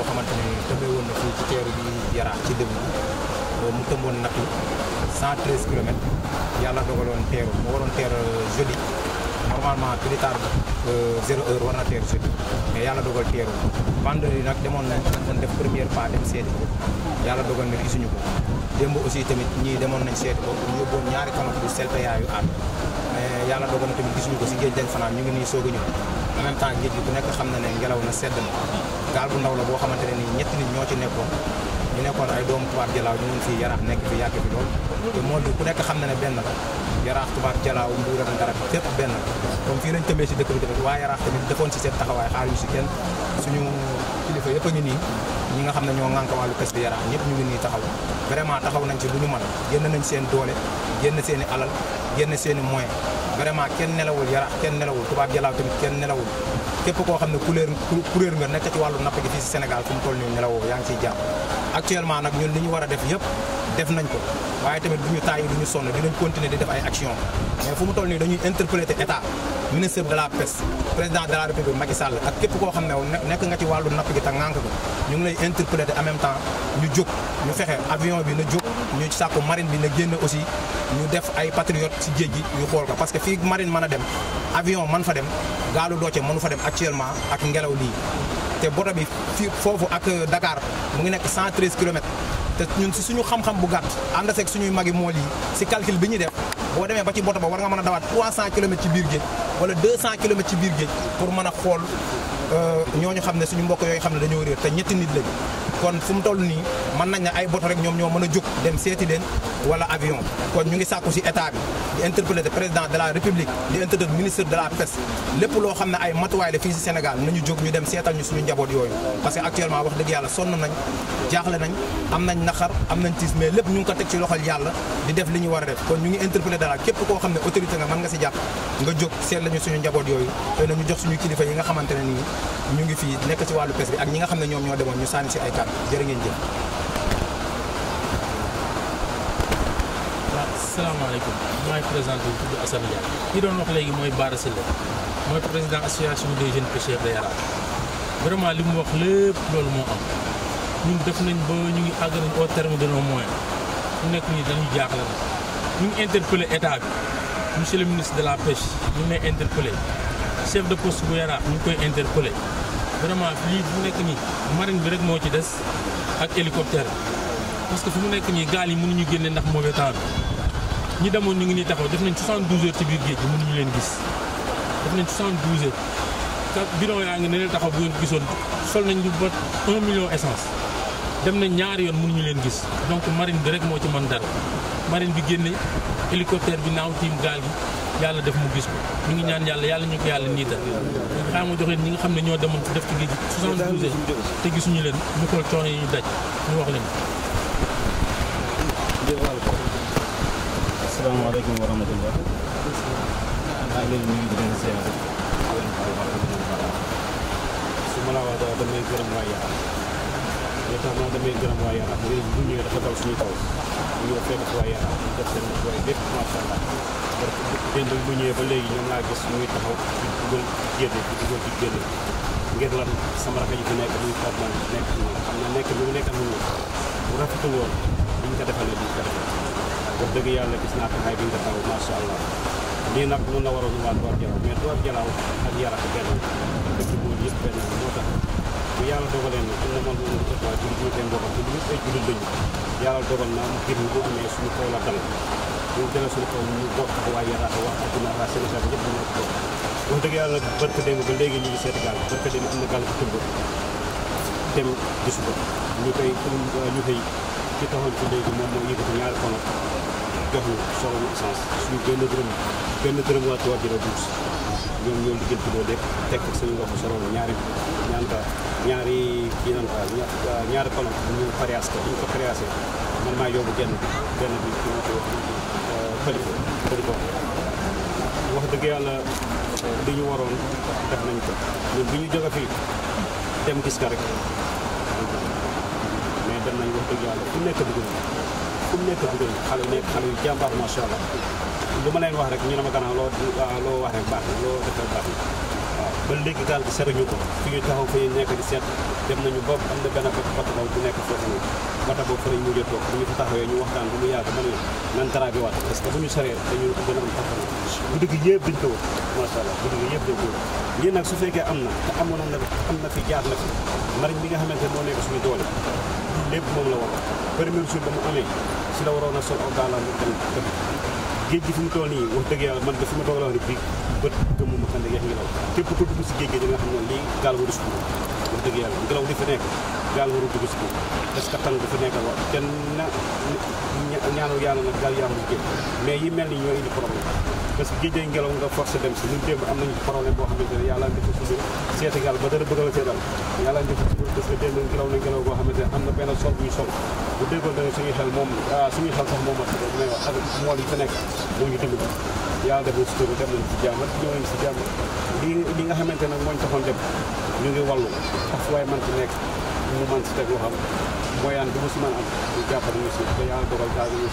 boo xamante ne tëmbee woon na fii ci teeru bi yaraax ci début bi boobu mu tëmboon nattu 113 kilomètres yàlla dogaloon teeru mu waroon teer euh, jeudi normalement plus tard euh, zéro heure war na teer jeudi mais yàlla dogal teeru vendredi nag demoon nañ doon def première pas dem seeti ko yàlla dogal na gisuñu ko démb aussi tamit ñii demoon nañ seeti ko ñu yóbboon ñaari kanam bu selpe yaayu ànd yàlla dogal na tamit gisuñu ko si géej dañ fanaan ñu ngi nii soog a ñëw temps géej gi nekk xam na ne ngelaw na sedd na gaal bu ndaw la boo xamante ne nii ñetti nit ñoo ci nekkoon ñu nekkoon ay doomu tubaab jalaaw ñu ngi fii yaraax nekk fi yàgg fi lool te moo di ku nekk xam na ne benn la yaraax tubaab jalaaw mbuur ak dara fépp benn la comme fii lañ tëmbee si dëkk bi tamit waa yaraax tamit defoon si seen taxawaay xaar yu si kenn suñu kilifa yëpp a nii ñi nga xam ne ñoo ŋànk wàllu pes bi yaraax ñëpp ñu ngi nii taxaw vraiment taxaw nañ si lu ñu mën génn nañ seen doole génn seen i alal génn seen i vraiment kenn nelawul yarax kenn nelawul tubaab jalaaw tamit kenn nelawul képp koo xam ne kuréel kuréel nga nekk ci wàllu napp gi fii si Sénégal fu mu toll nii nelawoo yaa ngi ciy jàpp actuellement nag ñun li ñu war a def yëpp def nañ ko waaye tamit du ñu tàyyi du ñu sonn dinañ continuer di def ay action mais fu mu toll nii dañuy interpeller état ministre de la pêche président de la république Macky ak képp koo xam ne nekk nga ci wàllu napp gi te ŋànk ko ñu ngi lay interpeller en même ñu jóg ñu fexe avion bi na jóg ñu sàkku marine bi na génn aussi ñu def ay patriote si géej gi ñu xool ko parce que fii marine mën a dem avion man fa dem gaalu dooce mënu fa dem actuellement ak ngelaw lii te boto bi fii foofu ak Dakar mu ngi nekk 113 kilomètres te ñun si suñu xam-xam bu gàtt ànd seeg suñuy magi mool yi si calcul bi ñuy def boo demee ba ci boto ba war nga mën a dawaat 300 kilomètres ci biir géej wala 200 kilomètres ci biir géej pour mën a xool euh, ñoo ñu xam ne suñu mbokk yooyu xam ne dañoo réer te ñetti nit lañu kon fu mu toll nii man nañ ne ay boto rek ñoom ñoo mën a jóg dem seeti leen wala avion kon ñu ngi sàkku si état bi di interpeller président de la république di interpeller ministre de la pêche lépp loo xam ne ay matuwaay la fii si Sénégal nañu jóg ñu dem seetal ñu suñu njaboot yooyu parce que actuellement wax dëgg yàlla sonn nañ jaaxle nañ am nañ naxar am nañ tiis mais lépp ñu ngi ko teg ci loxol yàlla di def li ñu war a kon ñu ngi interpeller dara képp koo xam ne autorité nga mën nga si jàpp nga jóg seet lañu suñu njaboot yooyu jox suñu kilifa yi nga xamante ne nii ñu ngi fii nekk ci wàllu pêche ñi nga xam ne ñoom ñoo demoon ñu sànni si ay kàddu jërë salaamaaleykum maay présenté wu tudd Assane Dia doon wax léegi mooy Bara Sylla mooy président association des jeunes pêcheurs de Yaraax vraiment li mu wax lépp loolu moo am ñun def nañ ba ñu ngi àgg nañ au terme de nos mu nekk nii dañu jaaxle na ñu ngi interpellé état bi monsieur le ministre de la pêche ñu ngi lay interpellé de poste bu Yaraax ñu ngi koy interpellé vraiment lii fu nekk nii marine bi rek moo ci des ak hélicoptère parce que fu mu nekk nii gaal yi mënuñu génne ndax mauvais temps bi ñi demoon ñu ngi nii taxaw def nañ 72 heures ci biir géej gi ñu leen gis def nañ 72 heures ka bidon yaa ngi ne leen taxaw bu ngeen gisoon sol nañ lu ba 1 million essence dem nañ ñaari yoon mënuñu leen gis donc marine bi rek moo ci mën dara marine bi génne hélicoptère bi naaw tiim gaal gi yàlla def mu gis ko ñu ngi ñaan yàlla yàlla ñu ko yàlla niital xaa ma joxe ñi nga xam ne ñoo demoon def ci géej te gisuñu leen ñu xool coono yi ñu daj ñu wax leen asalaamaaleykum wa rahmatulah. maa ngi leen di nuyu di leen ziare. su ma la wax dara damay gërëm waa Yarakh. notamment damay gërëm waa Yarakh léegi bu ñëwee suñu kaw. ñu ñëw fekk waa bépp macha allah. parce bu ñëwee ba léegi ñoom laa gis muy taxaw di dugal génne di dugal di ngir lan sama rakk ji nekk muy nekk lu nekk am na ko defalee duñ ko defal wax dëgg yàlla gis naa taxaay bi nga taw macha allah lii nag mën na waroon waa Dóor Jalaaw mais Dóor Jalaaw ak Yarax benn bu ñu na ngir ñu bu amee suñu kaw la dal ñu demee suñu kaw ñu bokk ak waa dëgg yàlla barka dem ba léegi ñu ngi gaal barka dem am na gaal dem gisu ko ñu koy ñu koy ci taxoon ci léegi moom moo yëkkati ñaari kono jox ñu soxla essence suñu benn dërëm benn dërëm waa waa Jula Diouf ñoom ñoo liggéey ci loolu teg ko suñu loxo soxla ñaari ñaan ñaari kii nan daal ñaari kolom ñu farias ko ñu ko fariasé man maa yóbbu genn benn bi ci wax dëgg yàlla li ñu waroon nañ bi ñu jóge fii dem gis nga rek mais dem nañ wax dëgg yàlla fu nekk dugg fu nekk dugal xale nekk xale yu jàmbaar allah lu ma leen wax rek ñu ne ma gannaaw loo loo wax rek baax na loo def baax na waaw ba léegi gaal gi seetuñu ko fi ñu taxaw fi ñu nekk seet dem nañu bopp am bu nekk foofu noonu bato boobu fa lañ a toog bu ñu fa taxawee ñu waxtaan bu mu yàgg ma ne nan taraabi waat bu ñu saree dañu gën a am taxaw guddi gi yëpp dañ ko wër allah guddi gi yëpp dañ ko lii nag su fekkee am na te amoon na am na fi jaar na fi mariñ bi nga xamante moo nekk suñu doole lépp moom la wax premier jour ba mu amee si la waroon a sol aw daalam dem géej gi fi mu toll nii wax dëgg yàlla man de fi ma toog la wax ne bii bët gëmmu ma xam ne yax ngi law képp ku dugg si géej gi da nga xam ne lii gaal waru si wax dëgg yàlla ngelaw di fa nekk gaal waru dugg si dugg parce que tan bi nekk nekkal wax kenn na ñaanu yàlla nag gaal yaa ngi géej mais yi mel ni ñoo indi problème parce que géej day ngelaw nga forcé dem si ñun démb am nañu problème boo xamante ne yàlla ndi ko toujours seeti gaal la see dal yàlla na xamante ne am na benn sol buy sol bu ah, ma may nekk moo dem nañ si jàmm nga xamante ne mooñ taxoon dem ñu ngi wallu ak waaye man ci nekk mu man si teg loo xam mooyaan bu mu si a am ñu jàppal ñu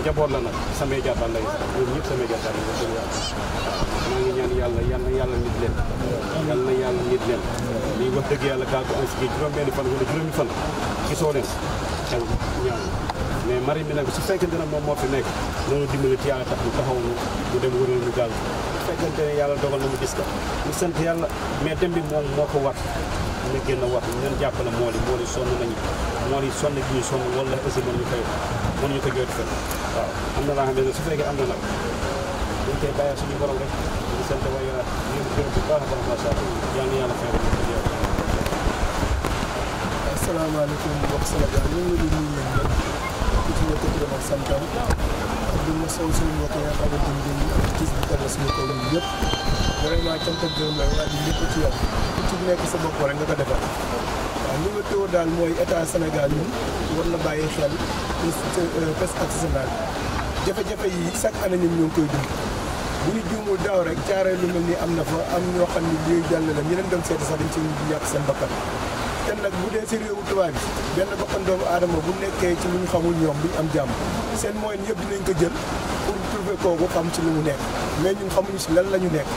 njaboot la nag samay jàppal la ñoom ñëpp samay jàppal la ñu maa ngi ñaan yàlla yal na yàlla nit leen yal na yàlla nit leen lii wax dëgg yàlla gaal ko am si juróom-benni fan wala juróomi fan gisoo leen mais marine bi nag su fekkente ne moom moo fi nekk noonu dimbali ci yàlla tax mu taxaw mu dem wërël ñu gaal bu fekkente ne yàlla dogal na mu gis ko ñu yàlla mais dem bi moom moo ko war na génn wax ñu jàppale mool yi mool yi sonn nañu mool yi sonn gi ñu sonn wala aussi mën ñu koy mën ñu ko jooytu fenn waaw am na laa xam ne su fekkee am na nag dañ koy bàyyi suñu borom rek ñu sant wa yàlla ñu gërëm bu baax a baax macha allah yal na yàlla fay ko asalaamaaleykum mbokk Sénégal ñu ngi leen di nuyu leen ku ci nekk di wax santam ak di ma sow suñu mbokk yi nga xamante ni dañuy am gis bi tamit suñu kaw ñun yëpp vraiment cant ak gërëm la waa di lépp ci yow ci nekk sa bopp rek nga ko defal waaw li nga tëw daal mooy état Sénégal ñun war na bàyyi xel pêche euh, artisanale jafe-jafe yi chaque année ñun ñoo ngi koy dund bu ñu juumul daaw rek caaree lu mel ni am na fa am ñoo xam ne liy jàll la ñu leen doon seeti sax ci yàq seen bakkan te nag bu dee si réewu tubaab bi benn bakkan doomu aadama bu nekkee ci lu ñu xamul ñoom duñ am jàmm seen moyen yëpp dinañ ko jël pour trouver kooku xam ci lu mu nekk mais ñun xamuñu si lan la ñu nekk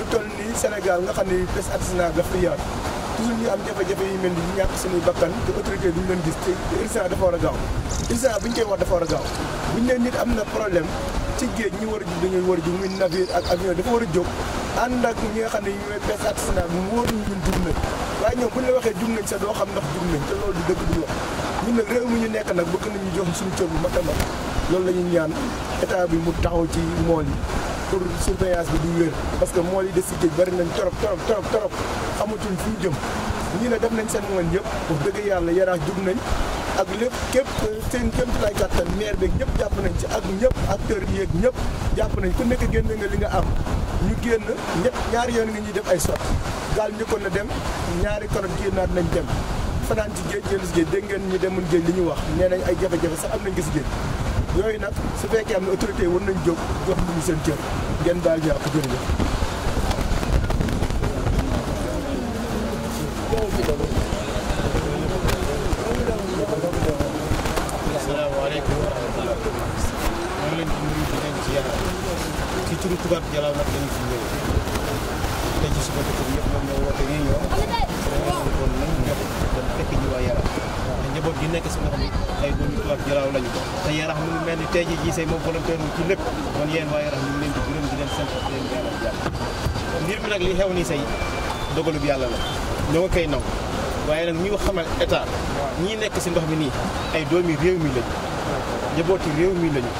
lu toll nii Sénégal nga xam ne bés artisanat daf koy yaatu toujours ñu am jafe-jafe yu mel ni ñu ñàkk suñuy bakkan te autorité duñu leen gis te urgence dafa war a gaaw urgence bu ñu koy wax dafa war a gaaw bu ñu leen nit am na problème ci géej ñi war a jug dañuy war a jug muy navire ak avion dafa war a jóg ànd ak ñi nga xam ne ñooy bés artisanat mu wóor ñu ñun jug nañ waaye ñoom bu ñu waxee jug nañ sax doo xam ndax jug nañ te loolu du dëgg du wax ñun nag réew mi ñu nekk suñu cër bu mat a mat loolu la ñuy ñaan état bi mu taxaw ci mool yi pour surveillance bi du wér parce que mool yi de si géej bari nañ torop torop torop torop xamatuñ fu ñu jëm ñii ne def nañ seen moon yëpp wax dëgg yàlla yaraax jub nañ ak lépp képp seen kéem lay kàttan maire beeg ñëpp jàpp nañ ci ak ñëpp acteurs yi yéeg ñëpp jàpp nañ ku nekk génn nga li nga am ñu génn ñett ñaari yoon nga ñuy def ay sot gaal njëkkoon na dem ñaari korot génnaat nañ dem fanaan ci géej génn si géej dégg ngeen ñu demul géej li ñu wax nee nañ ay jafe sax am nañ gis géej yooyu nag su fekkee am na autorité war nañ jóg jox ñu seen cër ngeen baal ñu àq jërëjëf asalaamaaleykum wa rahmatulah maa ngi leen di nuyu di leen ci yàlla ci turu tubaab Jalaaw nag dañu ci suba di nekk si nga xam ay doomu tubaab jaraaw lañu te Yaraax mu mel ni tey jii say moom volontaire ci lépp kon yéen waa Yaraax ñu ngi leen di gërëm di leen sant di leen ñaanal jàmm mbir nag li xew nii say dogalub yàlla la koy naw waaye nag ñu xamal état ñii nekk si ndox mi nii ay doomi réew mi lañu jabooti réew mii lañu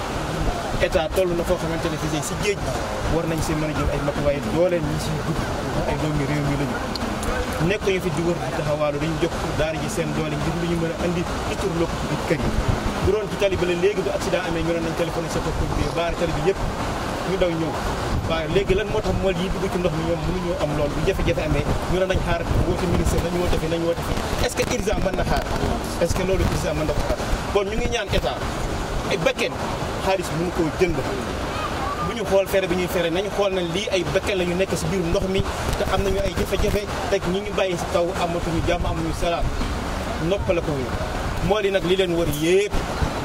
état toll na foo xamante ne si géej war nañ si mën a jël ay matuwaay dooleen ñi si dugg ay doomi réew mi lañu nekkuñu fi dugal di taxawaalu dañu jox daara ji seen doole ngir lu ñu mën a andi ci tur lokk ci biir kër yi bu doon ci tali la léegi bu accident amee ñu nañ téléphoné sa bopp bi baare tali bi lan moo tax mool yi dugg ci am lool bu jafe amee ñu ne nañ xaar woote ministre nañ woote fi nañ woote fi est-ce que urgent mën na xaar est-ce que loolu urgent mën na ko xaar kon ñu ngi ñaan état ay bakken xaalis mënu koo jënd bu ñu xool fere bi ñuy fere nañu xool nañ lii ay bëkkel la ñu nekk si biir ndox mi te am nañu ay jafe-jafe teg ñi ñu bàyyi si taw amatuñu jàmm amuñu salaam noppala ko moo di nag li leen war yépp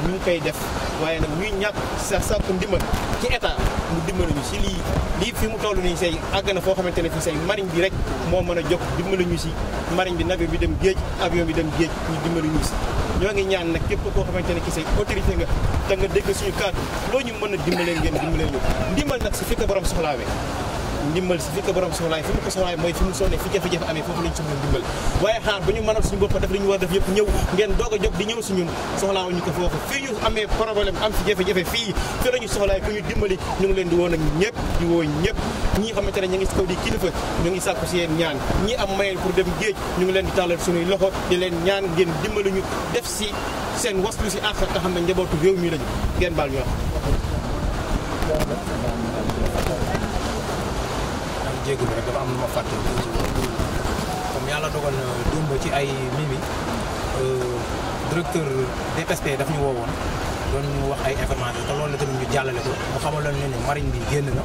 ñu ngi koy def waaye nag ñuy ñàkk sa sàkku ndimbal ci état mu dimbali ñu si lii lii fi mu toll nii say àgg na foo xamante ne fi say marine bi rek moo mën a jóg dimbali ñu si marine bi navire bi dem géej avion bi dem géej ñu dimbali ñu si ñoo ngi ñaan nag képp koo xamante ne ci say autorité nga te nga dégg suñu kàddu loo ñu mën a dimbalee ngeen dimbalee ñu ndimbal nag si fi ko borom soxlaawee ndimbal si fi ko soxlaay mooy fi mu sonnee fi jafe-jafe amee foofu lañ suñu bopp def li ñu war def yëpp ñëw ngeen doog a jóg di ñëw si ñun soxlaawu ñu ko foofu fii ñu amee problème am si jafe-jafe fii fi lañu ñu ngi leen di woon ak ñëpp di ñëpp ñi xamante ne ñu ngi si kaw di kilifa ñu ngi sàkku si yéen ñaan ñi am mayel pour dem géej ñu ngi leen di tàllal suñuy loxo di leen ñaan ngeen dimbali ñu def si seen waslu si àq te xam ne njabootu réew mi lañu ngeen baal ñu wax jéegul rek dafa am lu ma fàtte comme yàlla dogal na démb ci ay mimi euh, directeur DPSP daf ñu woowoon doon ñu wax ay information te loolu la tamit ñu jàllale ko mu xamaloon ne ne marine bi génn na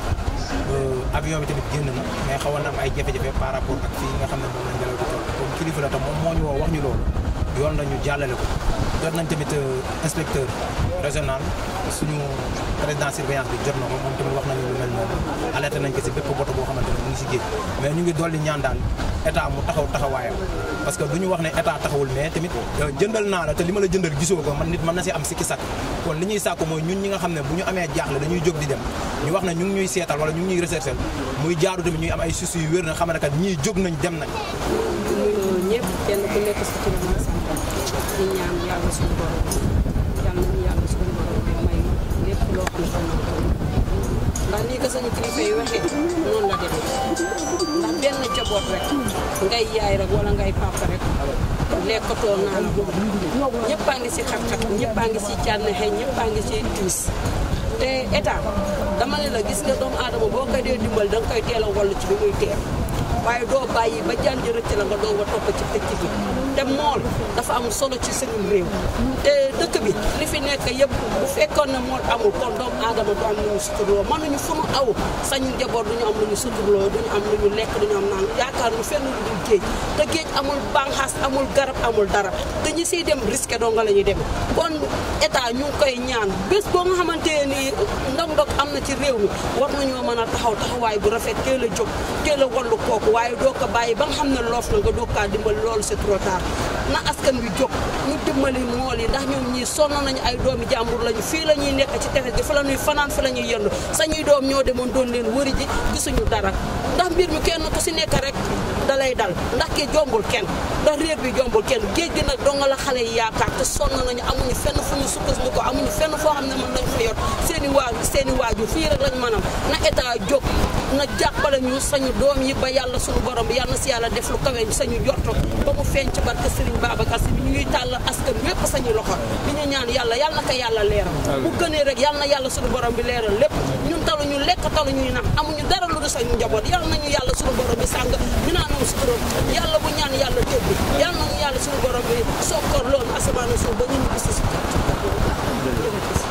euh, avion bi tamit génn na mais xawoon na am ay jafe-jafe par rapport ak fii nga xam ne moom la ngelaw di toll kilifa la tam moom moo ñu woo wax ñu loolu yoon la jàllale ko jot nañ tamit euh, inspecteur régional suñu président surveillance bi na wax nañu lu mel noonu alerté nañ boo xamante ne mu ngi si géej mais ñu ngi dolli ñaan daal état mu taxaw taxawaayam parce que ñu wax ne état taxawul mais tamit euh, jëndal naa la te li ma la jëndal gisoo ko man nit mën na si am sikki sàkk kon li ñuy sàkk mooy ñun ñi nga xam ne bu ñu amee jaaxle dañuy jóg di dem ñu wax ne ñu ngi ñuy seetal wala ñu ngi ñuy recherchel muy jaaru tamit ñuy am ay suus yu wér na xam ne kat ñii jóg nañ dem nañ kenn ku nekk si turam kilifa yi waxee noonu la demee ndax benn jaboot ngay yaay rek ngay papa rek lekkatoo naan ñëpp a ngi ci xat-xat ñëpp a ngi si cànnexe ñëpp a ngi si tiis te état dama ne la gis nga doomu aadama boo koy dee dimbal da koy teel a ci bi muy teel. waaye doo bàyyi ba jaan ji rëcc la nga doo wa topp ci tëcc bi dafa am solo ci suñu réew te dëkk bi li fi nekk yëpp bu fekkoon na moo amul kon doomu aadama du am lu ñu suturloo mënuñu fu nu aw sañu njaboot ñu am lu ñu suturloo am lu ñu lekk du am naan yaakaar lu dul géej te géej amul banxaas amul garab amul dara te siy dem risque dong la ñuy demee kon état ñu koy ñaan bés boo nga xamante ni ndog-ndog am na ci réew mi war nañoo mën a taxaw taxawaay bu rafet teel a jóg teel la wallu kooku waaye doo ko bàyyi ba nga xam ne loof na nga doo kaa dimbali loolu c'est trop tard na askan ñu jóg ñu dimbali mool yi ndax ñoom ñii sonn nañu ay doomi jàmbur lañu fii la ñuy nekk ci tefes gi fa la ñuy fanaan fa la ñuy yendu sañuy doom ñoo demoon doon leen wëri ji gisuñu dara ndax mbir mi kenn ku si nekk rek lay dal ndax ki jombul kenn ndax réer bi jombul géej gi nag dong la xale yi yaakaar te sonn nañu amuñu fenn fu ñu sukkandiku amuñu fenn foo xam ne mën nañ fa seen seen i waaju fii lañ mënam na état jóg na jàppale ñu sañu doom yi ba yàlla suñu borom bi yàlla na si yàlla def lu kawe sañu jorto ba mu feeñ ci barke Serigne Babacar si bi ñuy tàll askan wépp sañu loxo bi ñu ñaan yàlla yàlla na ko yàlla leeral rek yàlla na yàlla suñu borom bi leeral lépp ñun ñu lekk taluñuy naan amuñu dara lu du sañu njaboot yàlla nañu yàlla suñu borom bi sàng dinaa gërëm yàlla bu ñaan yàlla dégg yàlla nañu yàlla suñu borom bi sokkoor loolu asamaan suuf ba ñun ñu gis si